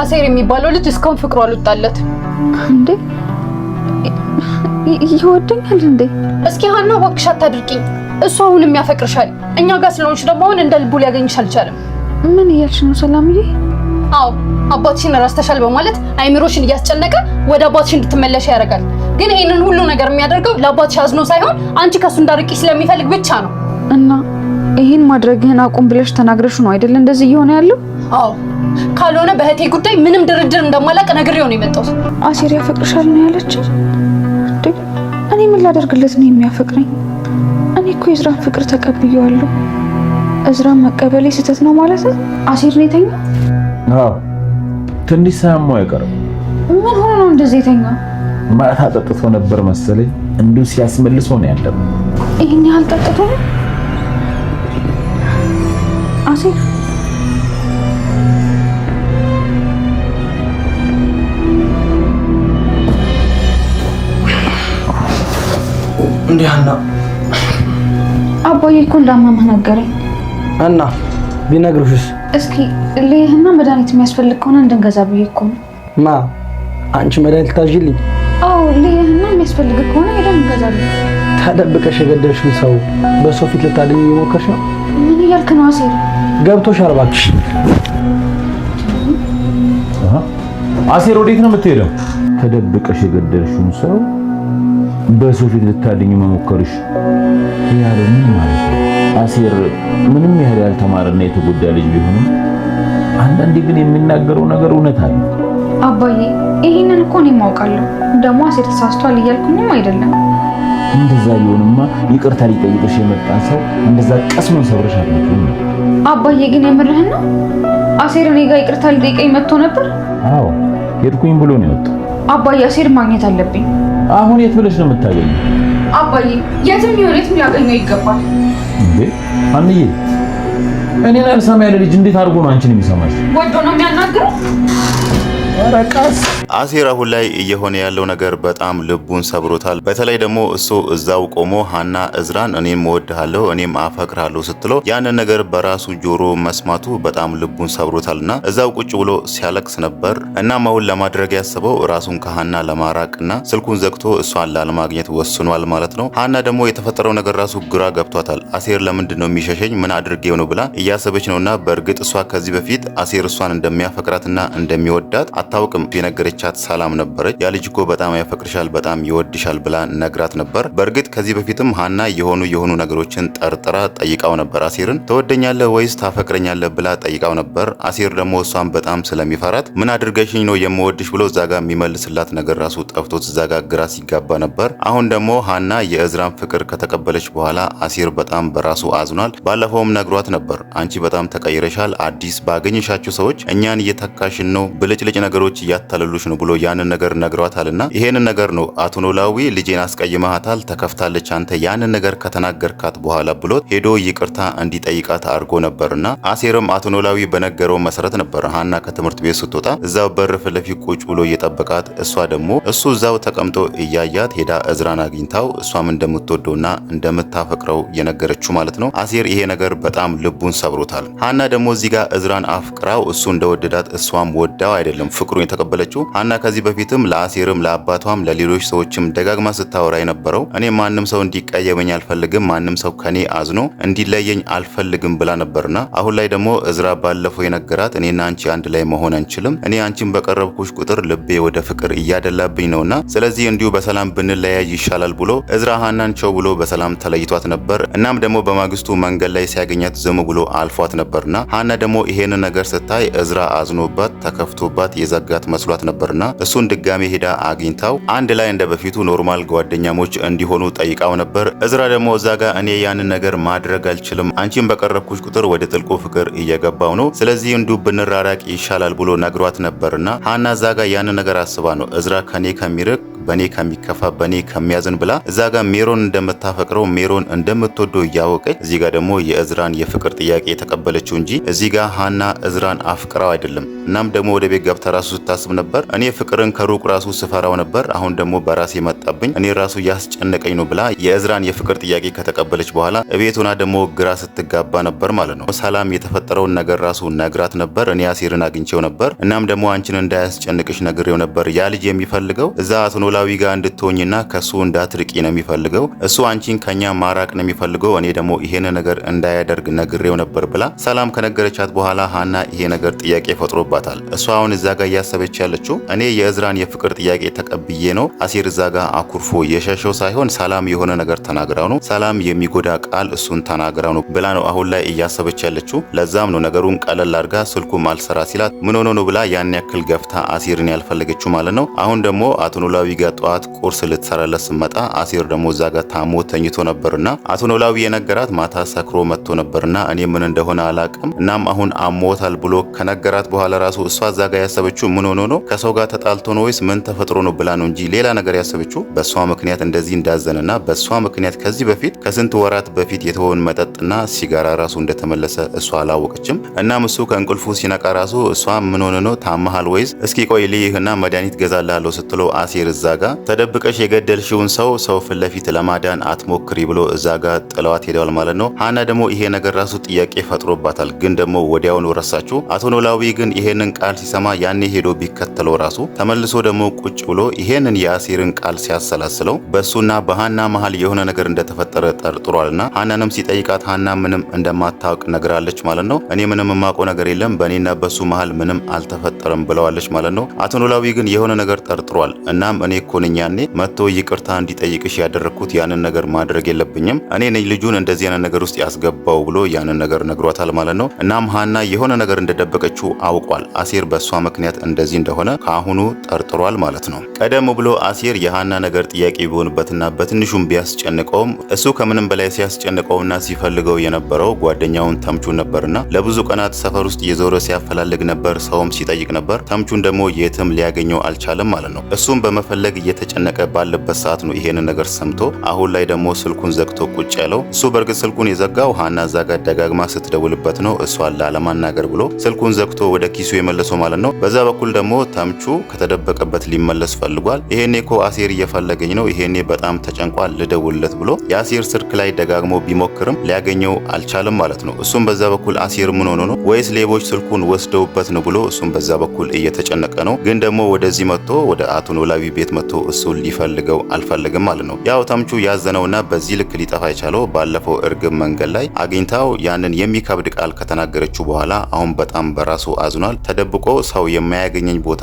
አሴር የሚባለው ልጅ እስካሁን ፍቅሩ አልወጣለት እንዴ? ይወደኛል እንዴ? እስኪ ሀና እባክሽ አታድርቂኝ። እሱ አሁንም ያፈቅርሻል። እኛ ጋር ስለሆንሽ ደግሞ አሁን እንደ ልቡ ሊያገኝሽ አልቻለም። ምን እያልሽ ነው ሰላምዬ? አዎ አባትሽን ረስተሻል በማለት አይምሮሽን እያስጨነቀ ወደ አባትሽ እንድትመለሽ ያደርጋል። ግን ይህንን ሁሉ ነገር የሚያደርገው ለአባትሽ አዝኖ ሳይሆን አንቺ ከሱ እንዳርቂ ስለሚፈልግ ብቻ ነው። እና ይህን ማድረግህን አቁም ብለሽ ተናግረሹ ነው አይደለ? እንደዚህ እየሆነ ያለው አዎ ካልሆነ በእህቴ ጉዳይ ምንም ድርድር እንደማላቅ ነግሬው ነው የመጣሁት። አሴር ያፈቅርሻል ነው ያለችኝ። እኔ ምን ላደርግለት ነው የሚያፈቅረኝ? እኔ እኮ የእዝራን ፍቅር ተቀብየዋለሁ። እዝራን መቀበሌ ስህተት ነው ማለት ነው? አሴር ነው የተኛ? አዎ ትንሽ ሳያማ አይቀርም። ምን ሆኖ ነው እንደዚህ የተኛ? ማታ ጠጥቶ ነበር መሰለኝ። እንዱ ሲያስመልሶ ነው ያለው። ይህን ያህል ጠጥቶ ነው አሴር እንዴ ሀና? አባዬ እኮ እንዳመመህ ነገረኝ። እና ቢነግሩሽስ? እስኪ ለይህና መድኃኒት የሚያስፈልግ ከሆነ እንድንገዛ ብዬ እኮ ነው። ማ አንቺ መድኃኒት ታዥልኝ? አዎ ለይህና የሚያስፈልግ ከሆነ ሄደን እንገዛለን። ተደብቀሽ የገደልሽን ሰው በሰው ፊት ልታድኝ እየሞከርሽ ነው? ምን እያልክ ነው አሴር? ገብቶሻል እባክሽ። አሴር ወዴት ነው የምትሄደው? ተደብቀሽ የገደልሽን ሰው በሰው ፊት ልታድኝ መሞከርሽ ያለ ምን ማለት ነው? አሴር ምንም ያህል ያልተማረና የተጎዳ ልጅ ቢሆንም አንዳንዴ ግን የሚናገረው ነገር እውነት አለ። አባዬ ይህንን እኮ እኔም አውቃለሁ። ደግሞ አሴር ተሳስቷል እያልኩኝም አይደለም። እንደዛ ቢሆንማ ይቅርታ ሊጠይቅሽ የመጣን ሰው እንደዛ ቀስሞን ሰብረሽ አለብኝ። አባዬ ግን የምርህን ነው? አሴር እኔ ጋር ይቅርታ ሊጠይቀኝ መጥቶ ነበር? አዎ ሄድኩኝ ብሎ ነው የወጣው። አባዬ አሴር ማግኘት አለብኝ። አሁን የት ብለሽ ነው የምታገኘው? አባዬ የትም ይሁን የትም ሊያገኘው ይገባል። እንዴ አንዬ፣ እኔን አልሰማ ያለ ልጅ እንዴት አድርጎ ነው አንቺን የሚሰማሽ? ወዶ ነው የሚያናግረው። ኧረ ቀስ አሴር አሁን ላይ እየሆነ ያለው ነገር በጣም ልቡን ሰብሮታል። በተለይ ደግሞ እሱ እዛው ቆሞ ሀና እዝራን እኔም እወድሃለሁ እኔም አፈቅርሃለሁ ስትለው ያንን ነገር በራሱ ጆሮ መስማቱ በጣም ልቡን ሰብሮታል እና እዛው ቁጭ ብሎ ሲያለቅስ ነበር። እናም አሁን ለማድረግ ያስበው ራሱን ከሀና ለማራቅና ስልኩን ዘግቶ እሷን ላለማግኘት ወስኗል ማለት ነው። ሀና ደግሞ የተፈጠረው ነገር ራሱ ግራ ገብቷታል። አሴር ለምንድን ነው የሚሸሸኝ? ምን አድርጌው ነው ብላ እያሰበች ነውና በእርግጥ እሷ ከዚህ በፊት አሴር እሷን እንደሚያፈቅራትና እንደሚወዳት አታውቅም የነገረች ያገኘቻት ሰላም ነበረች። ያ ልጅ እኮ በጣም ያፈቅርሻል፣ በጣም ይወድሻል ብላ ነግራት ነበር። በእርግጥ ከዚህ በፊትም ሀና የሆኑ የሆኑ ነገሮችን ጠርጥራ ጠይቃው ነበር። አሲርን ትወደኛለህ ወይስ ታፈቅረኛለህ ብላ ጠይቃው ነበር። አሲር ደግሞ እሷን በጣም ስለሚፈራት ምን አድርገሽኝ ነው የምወድሽ ብሎ እዛ ጋ የሚመልስላት ነገር ራሱ ጠፍቶት እዛ ጋ ግራ ሲጋባ ነበር። አሁን ደግሞ ሀና የእዝራን ፍቅር ከተቀበለች በኋላ አሲር በጣም በራሱ አዝኗል። ባለፈውም ነግሯት ነበር አንቺ በጣም ተቀይረሻል፣ አዲስ ባገኘሻቸው ሰዎች እኛን እየተካሽን ነው፣ ብልጭልጭ ነገሮች እያታለሉሽ ነው ብሎ ያንን ነገር ነግሯታል። ና ይሄንን ነገር ነው አቶ ኖላዊ ልጄን አስቀይመሃታል፣ ተከፍታለች፣ አንተ ያንን ነገር ከተናገርካት በኋላ ብሎት ሄዶ ይቅርታ እንዲጠይቃት አድርጎ ነበር። ና አሴርም አቶ ኖላዊ በነገረው መሰረት ነበር ሀና ከትምህርት ቤት ስትወጣ እዛው በር ፊት ለፊት ቁጭ ብሎ እየጠበቃት፣ እሷ ደግሞ እሱ እዛው ተቀምጦ እያያት ሄዳ እዝራን አግኝታው እሷም እንደምትወደውና ና እንደምታፈቅረው የነገረችው ማለት ነው። አሴር ይሄ ነገር በጣም ልቡን ሰብሮታል። ሀና ደግሞ እዚህ ጋር እዝራን አፍቅራው እሱ እንደወደዳት እሷም ወዳው አይደለም ፍቅሩን የተቀበለችው አና ከዚህ በፊትም ለአሴርም ለአባቷም ለሌሎች ሰዎችም ደጋግማ ስታወራ የነበረው እኔ ማንም ሰው እንዲቀየመኝ አልፈልግም፣ ማንም ሰው ከኔ አዝኖ እንዲለየኝ አልፈልግም ብላ ነበርና አሁን ላይ ደግሞ እዝራ ባለፈው የነገራት እኔና አንቺ አንድ ላይ መሆን አንችልም፣ እኔ አንቺን በቀረብኩሽ ቁጥር ልቤ ወደ ፍቅር እያደላብኝ ነውና ስለዚህ እንዲሁ በሰላም ብንለያይ ይሻላል ብሎ እዝራ ሀናን ቸው ብሎ በሰላም ተለይቷት ነበር። እናም ደግሞ በማግስቱ መንገድ ላይ ሲያገኛት ዝም ብሎ አልፏት ነበርና ሀና ደግሞ ይሄንን ነገር ስታይ እዝራ አዝኖባት ተከፍቶባት የዘጋት መስሏት ነበር። ነበርና እሱን ድጋሜ ሄዳ አግኝታው አንድ ላይ እንደ በፊቱ ኖርማል ጓደኛሞች እንዲሆኑ ጠይቃው ነበር። እዝራ ደግሞ እዛ ጋር እኔ ያንን ነገር ማድረግ አልችልም፣ አንቺን በቀረብኩች ቁጥር ወደ ጥልቁ ፍቅር እየገባው ነው፣ ስለዚህ እንዱ ብንራራቅ ይሻላል ብሎ ነግሯት ነበርና ሀና እዛ ጋር ያንን ነገር አስባ ነው እዝራ ከኔ ከሚርቅ በኔ ከሚከፋ በኔ ከሚያዝን ብላ እዛ ጋር ሜሮን እንደምታፈቅረው ሜሮን እንደምትወደው እያወቀች እዚህ ጋር ደግሞ የእዝራን የፍቅር ጥያቄ የተቀበለችው እንጂ እዚህ ጋር ሀና እዝራን አፍቅራው አይደለም። እናም ደግሞ ወደ ቤት ገብታ ራሱ ስታስብ ነበር እኔ ፍቅርን ከሩቅ ራሱ ስፈራው ነበር፣ አሁን ደግሞ በራሴ መጣብኝ፣ እኔ ራሱ ያስጨነቀኝ ነው ብላ የእዝራን የፍቅር ጥያቄ ከተቀበለች በኋላ እቤት ሆና ደግሞ ግራ ስትጋባ ነበር ማለት ነው። ሰላም የተፈጠረውን ነገር ራሱ ነግራት ነበር። እኔ አሲርን አግኝቼው ነበር፣ እናም ደግሞ አንቺን እንዳያስጨንቅሽ ነግሬው ነበር። ያ ልጅ የሚፈልገው እዛ አስኖላ ከኖላዊ ጋር እንድትሆኝና ከሱ እንዳትርቂ ነው የሚፈልገው። እሱ አንቺን ከኛ ማራቅ ነው የሚፈልገው። እኔ ደግሞ ይሄን ነገር እንዳያደርግ ነግሬው ነበር ብላ ሰላም ከነገረቻት በኋላ ሀና ይሄ ነገር ጥያቄ ፈጥሮባታል። እሷ አሁን እዛ ጋር እያሰበች ያለችው እኔ የእዝራን የፍቅር ጥያቄ ተቀብዬ ነው አሲር እዛ ጋር አኩርፎ የሸሸው ሳይሆን ሰላም የሆነ ነገር ተናግራው ነው ሰላም የሚጎዳ ቃል እሱን ተናግራው ነው ብላ ነው አሁን ላይ እያሰበች ያለችው። ለዛም ነው ነገሩን ቀለል አድርጋ ስልኩም አልሰራ ሲላት ምን ሆኖ ነው ብላ ያን ያክል ገፍታ አሲርን ያልፈለገችው ማለት ነው። አሁን ደግሞ አቶ ኖላዊ ጋር ጠዋት ቁርስ ልትሰራለት ስመጣ አሴር ደግሞ እዛ ጋር ታሞ ተኝቶ ነበርና አቶ ኖላዊ የነገራት ማታ ሰክሮ መጥቶ ነበርና እኔ ምን እንደሆነ አላቅም እናም አሁን አሞታል ብሎ ከነገራት በኋላ ራሱ እሷ እዛ ጋር ያሰበችው ምን ሆኖ ነው ከሰው ጋር ተጣልቶ ነው ወይስ ምን ተፈጥሮ ነው ብላ ነው እንጂ ሌላ ነገር ያሰበችው በእሷ ምክንያት እንደዚህ እንዳዘነና በእሷ ምክንያት ከዚህ በፊት ከስንት ወራት በፊት የተወውን መጠጥና ሲጋራ ራሱ እንደተመለሰ እሷ አላወቀችም። እናም እሱ ከእንቅልፉ ሲነቃ ራሱ እሷ ምን ሆነ ነው ታመሃል ወይስ እስኪ ቆይ ልይህና መድኃኒት ገዛላለሁ ስትለው አሴር እዛ ጋር ተደብቀሽ የገደልሽውን ሰው ሰው ፊት ለፊት ለማዳን አትሞክሪ ብሎ እዛጋ ጥለዋት ሄደዋል ማለት ነው። ሀና ደግሞ ይሄ ነገር ራሱ ጥያቄ ፈጥሮባታል፣ ግን ደግሞ ወዲያውኑ ረሳችሁ። አቶ ኖላዊ ግን ይሄንን ቃል ሲሰማ ያኔ ሄዶ ቢከተለው ራሱ ተመልሶ ደግሞ ቁጭ ብሎ ይሄንን የአሲርን ቃል ሲያሰላስለው በእሱና በሀና መሀል የሆነ ነገር እንደተፈጠረ ጠርጥሯልና ሀናንም ሲጠይቃት ሀና ምንም እንደማታውቅ ነግራለች ማለት ነው። እኔ ምንም የማውቀው ነገር የለም በእኔና በሱ መሀል ምንም አልተፈጠረም ብለዋለች ማለት ነው። አቶ ኖላዊ ግን የሆነ ነገር ጠርጥሯል። እናም እኔ እኮ ነኝ ያኔ መጥቶ ይቅርታ እንዲጠይቅሽ ያደረግኩት ያንን ነገር ማድረግ የለብኝም እኔ ነኝ ልጁን እንደዚህ ያንን ነገር ውስጥ ያስገባው ብሎ ያንን ነገር ነግሯታል ማለት ነው። እናም ሀና የሆነ ነገር እንደደበቀችው አውቋል። አሴር በእሷ ምክንያት እንደዚህ እንደሆነ ከአሁኑ ጠርጥሯል ማለት ነው። ቀደም ብሎ አሴር የሀና ነገር ጥያቄ ቢሆንበትና በትንሹም ቢያስጨንቀውም እሱ ከምንም በላይ ሲያስጨንቀውና ሲፈልገው የነበረው ጓደኛውን ተምቹን ነበርና ለብዙ ቀናት ሰፈር ውስጥ የዞረ ሲያፈላልግ ነበር፣ ሰውም ሲጠይቅ ነበር። ተምቹን ደግሞ የትም ሊያገኘው አልቻለም ማለት ነው። እሱም በመፈለግ ለመፈለግ እየተጨነቀ ባለበት ሰዓት ነው ይሄን ነገር ሰምቶ አሁን ላይ ደግሞ ስልኩን ዘግቶ ቁጭ ያለው። እሱ በእርግጥ ስልኩን የዘጋው ሀና እዛ ጋር ደጋግማ ስትደውልበት ነው እሷን ላለማናገር ብሎ ስልኩን ዘግቶ ወደ ኪሱ የመለሰው ማለት ነው። በዛ በኩል ደግሞ ተምቹ ከተደበቀበት ሊመለስ ፈልጓል። ይሄኔ ኮ አሴር እየፈለገኝ ነው፣ ይሄኔ በጣም ተጨንቋል፣ ልደውልለት ብሎ የአሴር ስልክ ላይ ደጋግሞ ቢሞክርም ሊያገኘው አልቻለም ማለት ነው። እሱም በዛ በኩል አሴር ምን ሆኖ ነው ወይስ ሌቦች ስልኩን ወስደውበት ነው ብሎ እሱም በዛ በኩል እየተጨነቀ ነው። ግን ደግሞ ወደዚህ መጥቶ ወደ አቶ ኖላዊ ቤት መጥቶ እሱን ሊፈልገው አልፈልግም ማለት ነው። ያው ተምቹ ያዘነውና በዚህ ልክ ሊጠፋ የቻለው ባለፈው እርግብ መንገድ ላይ አግኝታው ያንን የሚከብድ ቃል ከተናገረችው በኋላ አሁን በጣም በራሱ አዝኗል። ተደብቆ ሰው የማያገኘኝ ቦታ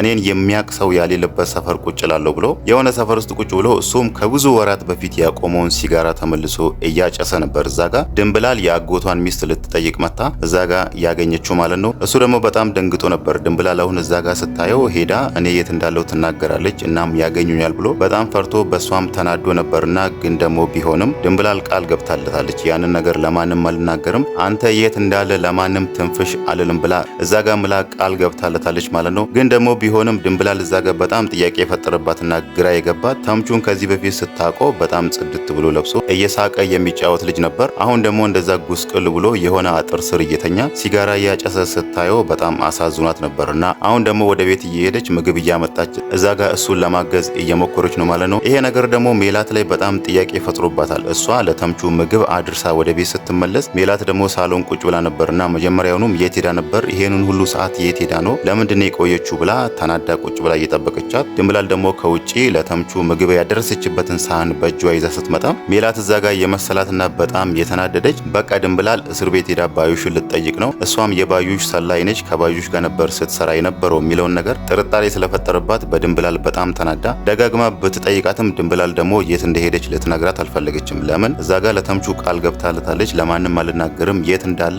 እኔን የሚያቅ ሰው ያሌለበት ሰፈር ቁጭ ላለሁ ብሎ የሆነ ሰፈር ውስጥ ቁጭ ብሎ እሱም ከብዙ ወራት በፊት ያቆመውን ሲጋራ ተመልሶ እያጨሰ ነበር። እዛ ጋ ድንብላል የአጎቷን ሚስት ልትጠይቅ መታ እዛ ጋ ያገኘችው ማለት ነው። እሱ ደግሞ በጣም ደንግጦ ነበር። ድንብላል አሁን እዛ ጋ ስታየው ሄዳ እኔ የት እንዳለው ትናገራለች እናም ያገኙኛል ብሎ በጣም ፈርቶ በእሷም ተናዶ ነበርና ግን ደግሞ ቢሆንም ድንብላል ቃል ገብታለታለች ያንን ነገር ለማንም አልናገርም፣ አንተ የት እንዳለ ለማንም ትንፍሽ አልልም ብላ እዛ ጋ ምላ ቃል ገብታለታለች ማለት ነው። ግን ደግሞ ቢሆንም ድንብላል እዛ ጋ በጣም ጥያቄ የፈጠረባትና ግራ የገባት ተምቹን ከዚህ በፊት ስታቆ በጣም ጽድት ብሎ ለብሶ እየሳቀ የሚጫወት ልጅ ነበር። አሁን ደግሞ እንደዛ ጉስቅል ብሎ የሆነ አጥር ስር እየተኛ ሲጋራ እያጨሰ ስታየው በጣም አሳዝኗት ነበርና አሁን ደግሞ ወደ ቤት እየሄደች ምግብ እያመጣች እዛ ጋ እሱን ለማገዝ እየሞከረች ነው ማለት ነው። ይሄ ነገር ደግሞ ሜላት ላይ በጣም ጥያቄ ፈጥሮባታል። እሷ ለተምቹ ምግብ አድርሳ ወደ ቤት ስትመለስ ሜላት ደግሞ ሳሎን ቁጭ ብላ ነበርና መጀመሪያውኑም የት ሄዳ ነበር? ይሄንን ሁሉ ሰዓት የት ሄዳ ነው? ለምንድነው ነው የቆየችው? ብላ ተናዳ ቁጭ ብላ እየጠበቀቻት ድንብላል ደግሞ ከውጪ ለተምቹ ምግብ ያደረሰችበትን ሳህን በእጇ ይዛ ስትመጣ ሜላት እዛ ጋር የመሰላትና በጣም የተናደደች በቃ ድንብላል እስር ቤት ሄዳ ባዩሽን ልትጠይቅ ነው። እሷም የባዩሽ ሰላይ ነች፣ ከባዩሽ ጋር ነበር ስትሰራ የነበረው የሚለውን ነገር ጥርጣሬ ስለፈጠረባት በድንብላል በጣም ተናዳ ደጋግማ ብትጠይቃትም ድንብላል ደግሞ የት እንደሄደች ልትነግራት አልፈለገችም። ለምን እዛ ጋር ለተምቹ ቃል ገብታለታለች። ለማንም አልናገርም፣ የት እንዳለ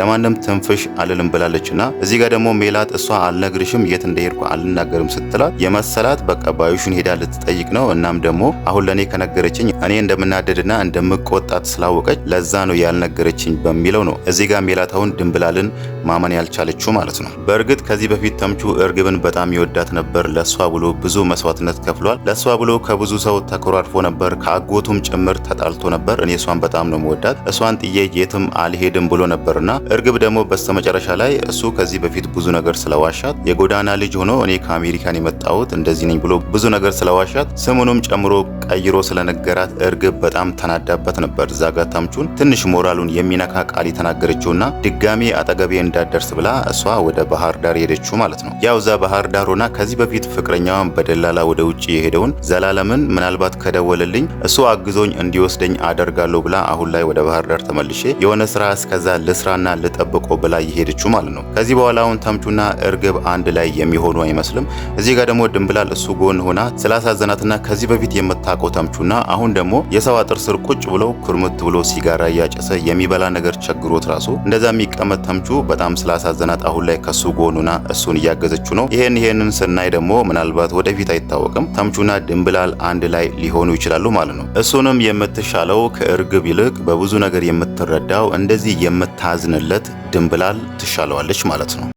ለማንም ትንፍሽ አልልም ብላለች። እዚህ ጋር ደግሞ ሜላት እሷ አልነግርሽም፣ የት እንደሄድኩ አልናገርም ስትላት የመሰላት በቃ ባዩሽን ሄዳ ልትጠይቅ ነው። እናም ደግሞ አሁን ለእኔ ከነገረችኝ እኔ እንደምናደድና እንደምቆጣት ስላወቀች ለዛ ነው ያልነገረችኝ በሚለው ነው እዚህ ጋር ሜላታውን ድንብላልን ማመን ያልቻለችው ማለት ነው። በእርግጥ ከዚህ በፊት ተምቹ እርግብን በጣም ይወዳት ነበር። ለሷ ብሎ ብዙ መስዋዕትነት ከፍሏል። ለሷ ብሎ ከብዙ ሰው ተኮራርፎ ነበር። ከአጎቱም ጭምር ተጣልቶ ነበር። እኔ እሷን በጣም ነው መወዳት፣ እሷን ጥዬ የትም አልሄድም ብሎ ነበርና እርግብ ደግሞ በስተመጨረሻ ላይ እሱ ከዚህ በፊት ብዙ ነገር ስለዋሻት የጎዳና ልጅ ሆኖ እኔ ከአሜሪካን የመጣሁት እንደዚህ ነኝ ብሎ ብዙ ነገር ስለዋሻት ስሙንም ጨምሮ ቀይሮ ስለነገራት ምክንያት እርግብ በጣም ተናዳበት ነበር። ዛጋ ጋ ታምቹን ትንሽ ሞራሉን የሚነካ ቃል የተናገረችውና ድጋሜ አጠገቤ እንዳደርስ ብላ እሷ ወደ ባህር ዳር ሄደችው ማለት ነው። ያው እዛ ባህር ዳር ሆና ከዚህ በፊት ፍቅረኛዋን በደላላ ወደ ውጭ የሄደውን ዘላለምን ምናልባት ከደወለልኝ እሱ አግዞኝ እንዲወስደኝ አደርጋለሁ ብላ አሁን ላይ ወደ ባህር ዳር ተመልሼ የሆነ ስራ እስከዛ ልስራና ልጠብቆ ብላ የሄደችው ማለት ነው። ከዚህ በኋላ አሁን ታምቹና እርግብ አንድ ላይ የሚሆኑ አይመስልም። እዚህ ጋር ደግሞ ድንብላል እሱ ጎን ሆና ስላሳዘናትና ከዚህ በፊት የምታውቀው ታምቹና አሁን ደግሞ የሰው አጥር ስር ቁጭ ብለው ኩርምት ብሎ ሲጋራ እያጨሰ የሚበላ ነገር ቸግሮት ራሱ እንደዛ የሚቀመጥ ተምቹ በጣም ስላሳዘናት አሁን ላይ ከሱ ጎኑና እሱን እያገዘችው ነው። ይሄን ይሄንን ስናይ ደግሞ ምናልባት ወደፊት አይታወቅም ተምቹና ድንብላል አንድ ላይ ሊሆኑ ይችላሉ ማለት ነው። እሱንም የምትሻለው ከእርግብ ይልቅ በብዙ ነገር የምትረዳው እንደዚህ የምታዝንለት ድንብላል ትሻለዋለች ማለት ነው።